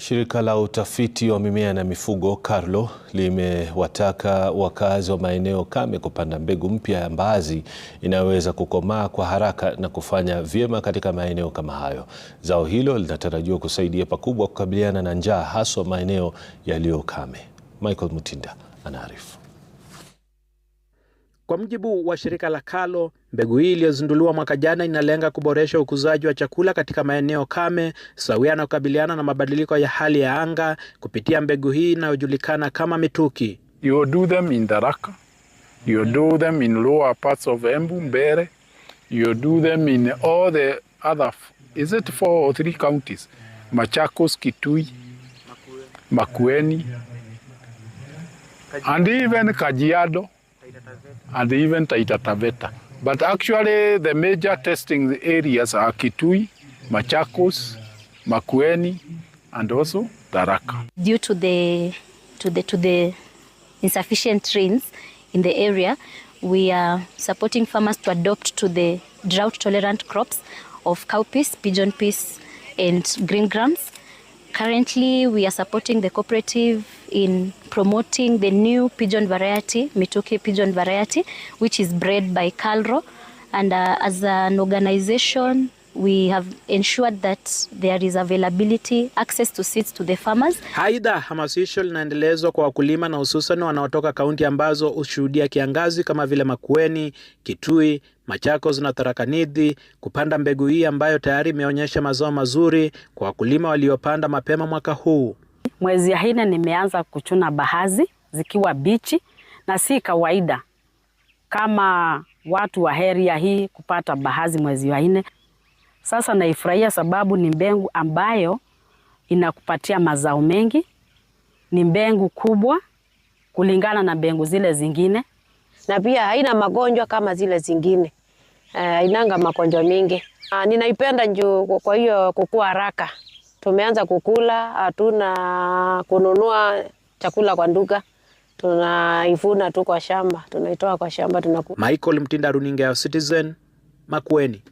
Shirika la utafiti wa mimea na mifugo Carlo limewataka wakazi wa maeneo kame kupanda mbegu mpya ya mbaazi inayoweza kukomaa kwa haraka na kufanya vyema katika maeneo kama hayo. Zao hilo linatarajiwa kusaidia pakubwa kukabiliana na njaa haswa maeneo yaliyo kame. Michael Mutinda anaarifu. Kwa mujibu wa shirika la KALO, mbegu hii iliyozinduliwa mwaka jana inalenga kuboresha ukuzaji wa chakula katika maeneo kame sawia na kukabiliana na mabadiliko ya hali ya anga kupitia mbegu hii inayojulikana kama mituki. You do them in you do them in lower parts of Embu, Mbere, you do them in all the other is it four or three counties Machakos, Kitui, Makueni and even Kajiado and even Taita Taveta. But actually the major testing areas are Kitui, Machakos, Makueni and also Taraka. Due to the, to the, to the insufficient rains in the area, we are supporting farmers to adopt to the drought tolerant crops of cowpeas, pigeon peas and green grams. Currently we are supporting the cooperative in promoting the new pigeon variety, Mituki pigeon variety, which is bred by Calro. And uh, as an organization, we have ensured that there is availability access to seeds to the farmers. Aidha, hamasisho linaendelezwa kwa wakulima na hususan wanaotoka kaunti ambazo hushuhudia kiangazi kama vile Makueni, Kitui, Machakos na Tharaka Nithi kupanda mbegu hii ambayo tayari imeonyesha mazao mazuri kwa wakulima waliopanda mapema mwaka huu. Mwezi ya nimeanza kuchuna bahazi zikiwa bichi, na si kawaida kama watu wa heria hii kupata bahazi mwezi wa nne. Sasa naifurahia sababu ni mbegu ambayo inakupatia mazao mengi, ni mbegu kubwa kulingana na mbegu zile zingine, na pia haina magonjwa kama zile zingine. Uh, eh, inanga magonjwa mingi. Uh, ninaipenda njuu kwa hiyo kukua haraka tumeanza kukula, hatuna kununua chakula kwa duka, tunaivuna tu kwa shamba, tunaitoa kwa shamba tunakula. Michael Mtinda, runinga ya Citizen, Makueni.